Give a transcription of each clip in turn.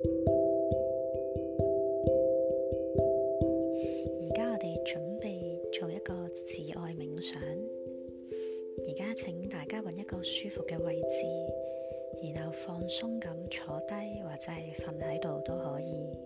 而家我哋準備做一個自愛冥想。而家請大家揾一個舒服嘅位置，然後放鬆咁坐低或者係瞓喺度都可以。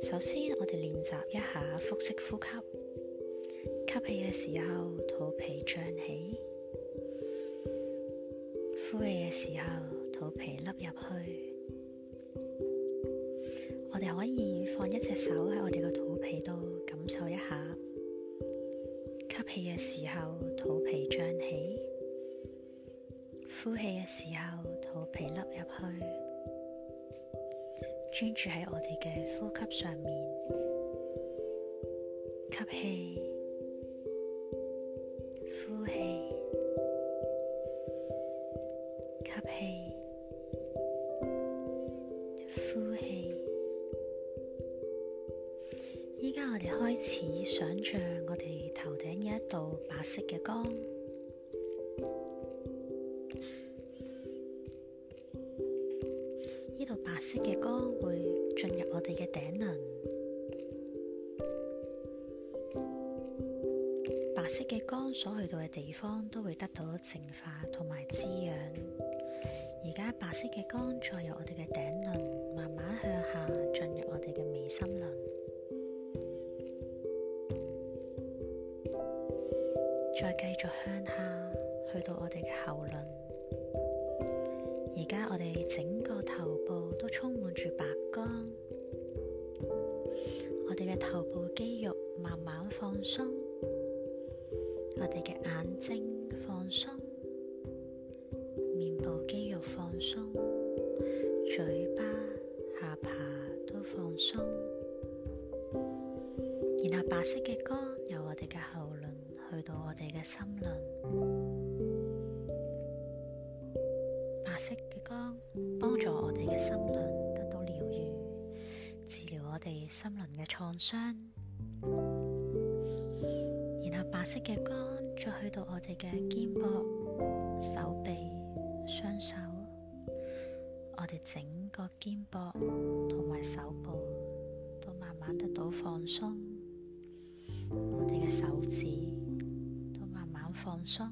首先我哋練習一下腹式呼吸，吸氣嘅時候肚皮脹起，呼氣嘅時候肚皮凹入去。你可以放一隻手喺我哋個肚皮度感受一下，吸氣嘅時候肚皮脹起，呼氣嘅時候肚皮凹入去，專注喺我哋嘅呼吸上面，吸氣，呼氣，吸氣。想象我哋頭頂有一道白色嘅光，呢度白色嘅光會進入我哋嘅頂輪，白色嘅光所去到嘅地方都會得到淨化同埋滋養。而家白色嘅光再由我哋嘅頂輪慢慢向下進入我哋嘅眉心輪。再繼續向下去到我哋嘅後輪，而家我哋整個頭部都充滿住白光，我哋嘅頭部肌肉慢慢放鬆，我哋嘅眼睛放鬆，面部肌肉放鬆，嘴巴下巴都放鬆，然後白色嘅光由我哋嘅後。去到我哋嘅心輪，白色嘅光幫助我哋嘅心輪得到療愈，治療我哋心輪嘅創傷。然後白色嘅光再去到我哋嘅肩膊、手臂、雙手，我哋整個肩膊同埋手部都慢慢得到放鬆，我哋嘅手指。放鬆，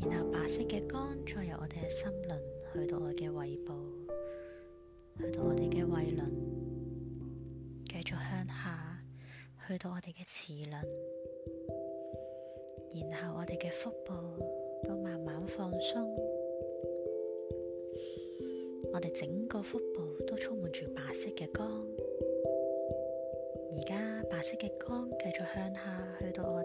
然後白色嘅光再由我哋嘅心輪，去到我嘅胃部，去到我哋嘅胃輪，繼續向下去到我哋嘅臍輪，然後我哋嘅腹部都慢慢放鬆，我哋整個腹部都充滿住白色嘅光。而家白色嘅光繼續向下去到我。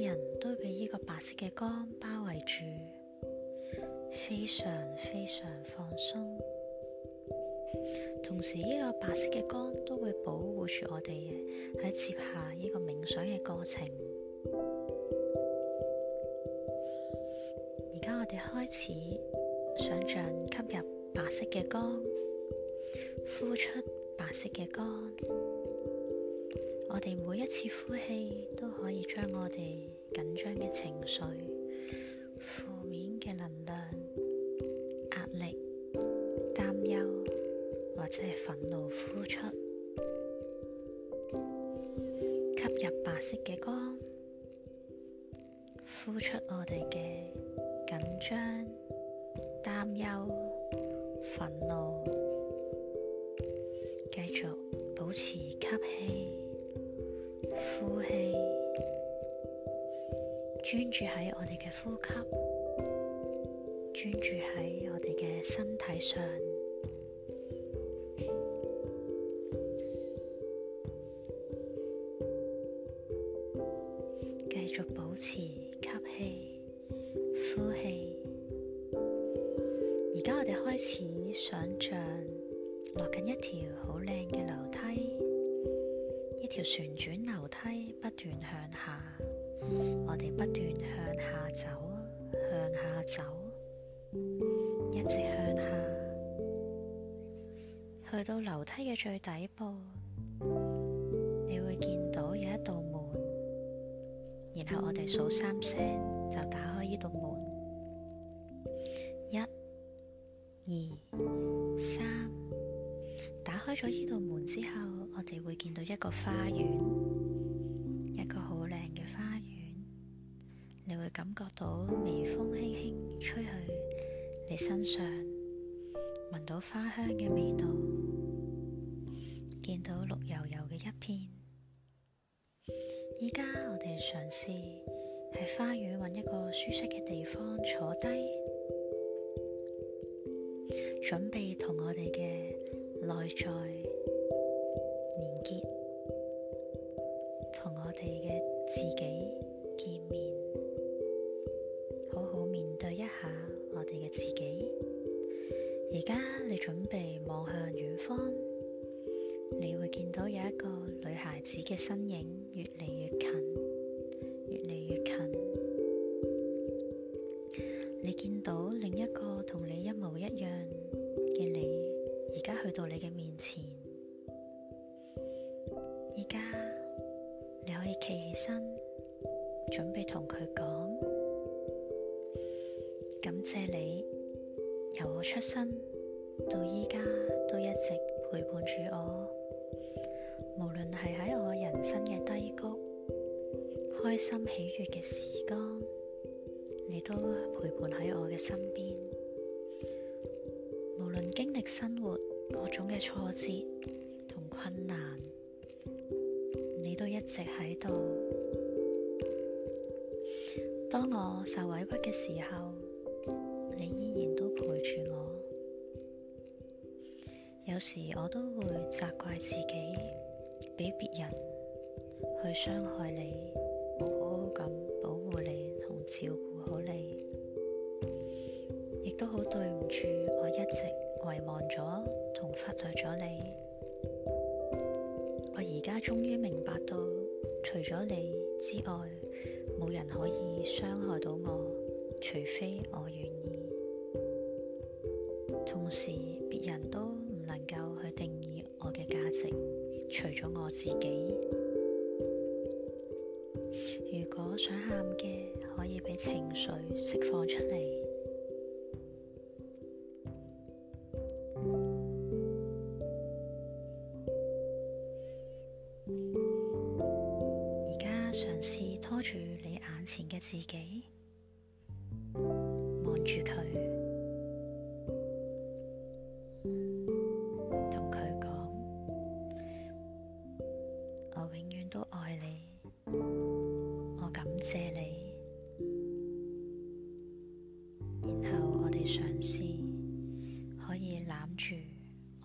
人都被呢個白色嘅光包圍住，非常非常放鬆。同時，呢個白色嘅光都會保護住我哋，喺接下呢個冥想嘅過程。而家我哋開始想象吸入白色嘅光，呼出白色嘅光。我哋每一次呼氣都可以將我哋緊張嘅情緒、負面嘅能量、壓力、擔憂或者係憤怒呼出，吸入白色嘅光，呼出我哋嘅緊張、擔憂、憤怒，繼續保持。吸氣，呼氣，專注喺我哋嘅呼吸，專注喺我哋嘅身體上，繼續保持吸氣、呼氣。而家我哋開始想象落緊一條好靚嘅樓梯。條旋轉樓梯不斷向下，我哋不斷向下走，向下走，一直向下，去到樓梯嘅最底部，你會見到有一道門，然後我哋數三聲。個花園，一個好靚嘅花園，你會感覺到微風輕輕吹去你身上，聞到花香嘅味道，見到綠油油嘅一片。依家我哋嘗試喺花園搵一個舒適嘅地方坐低，準備同我哋嘅內在連結。我哋嘅自己見面，好好面對一下我哋嘅自己。而家你準備望向遠方，你會見到有一個女孩子嘅身影，越嚟越。準備同佢講，感謝你由我出生到依家都一直陪伴住我，無論係喺我人生嘅低谷、開心喜悦嘅時光，你都陪伴喺我嘅身邊。無論經歷生活各種嘅挫折同困難，你都一直喺度。當我受委屈嘅時候，你依然都陪住我。有時我都會責怪自己，畀別人去傷害你，冇好好咁保護你同照顧好你，亦都好對唔住，我一直遺忘咗同忽略咗你。我而家終於明白到，除咗你之外。冇人可以傷害到我，除非我願意。同時，別人都唔能夠去定義我嘅價值，除咗我自己。如果想喊嘅，可以俾情緒釋放出嚟。自己望住佢，同佢講：我永遠都愛你，我感謝你。然後我哋嘗試可以攬住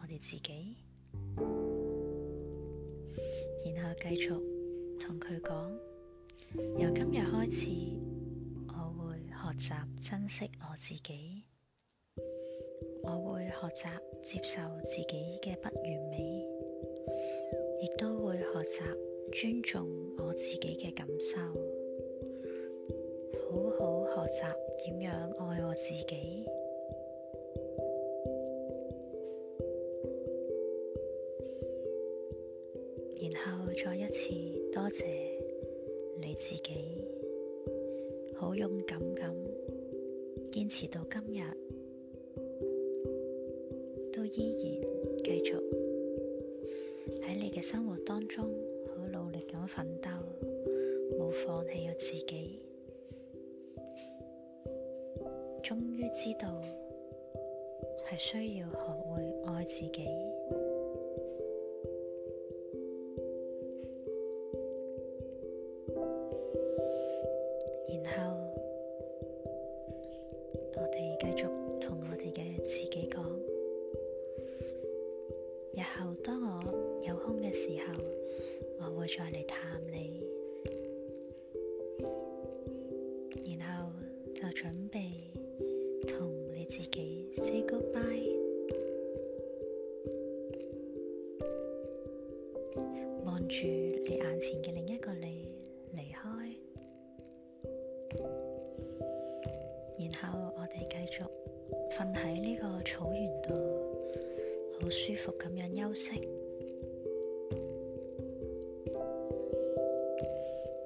我哋自己，然後繼續同佢講：由今日開始。學習珍惜我自己，我會學習接受自己嘅不完美，亦都會學習尊重我自己嘅感受，好好學習點樣愛我自己，然後再一次多謝你自己，好勇敢咁。堅持到今日，都依然繼續喺你嘅生活當中好努力咁奮鬥，冇放棄咗自己，終於知道係需要學會愛自己。好舒服咁樣休息。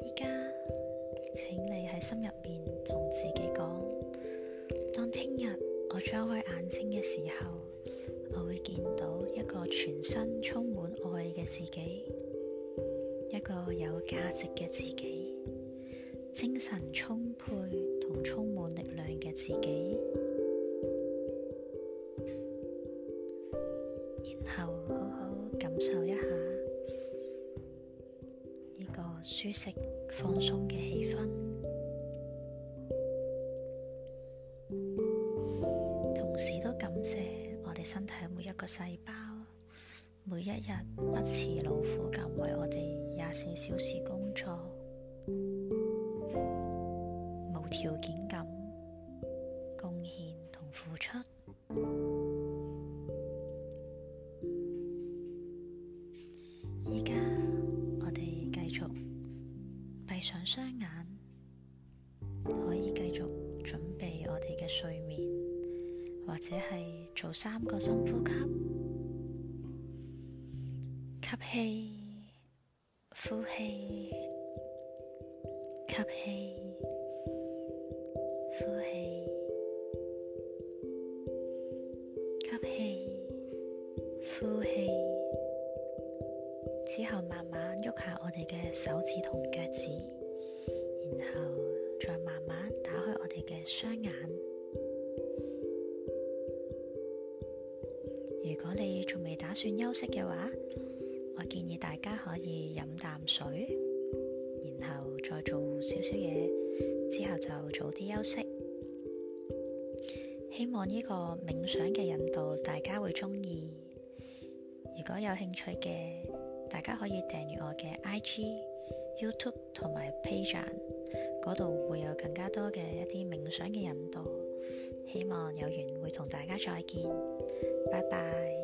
依家，請你喺心入面同自己講，當聽日我張開眼睛嘅時候，我會見到一個全身充滿愛嘅自己，一個有價值嘅自己，精神充沛同充滿力量嘅自己。舒適放鬆嘅氣氛，同時都感謝我哋身體每一個細胞，每一日不辭勞苦咁為我哋廿四小時工作，無條件咁。睡眠，或者係做三個深呼吸，吸氣，呼氣，吸氣，呼氣，吸氣，呼氣，之後慢慢喐下我哋嘅手指同腳趾，然後再慢慢打開我哋嘅雙眼。如果你仲未打算休息嘅話，我建議大家可以飲啖水，然後再做少少嘢，之後就早啲休息。希望呢個冥想嘅引導大家會中意。如果有興趣嘅，大家可以訂閱我嘅 IG、YouTube 同埋 Patreon，嗰度會有更加多嘅一啲冥想嘅引導。希望有緣會同大家再見。拜拜。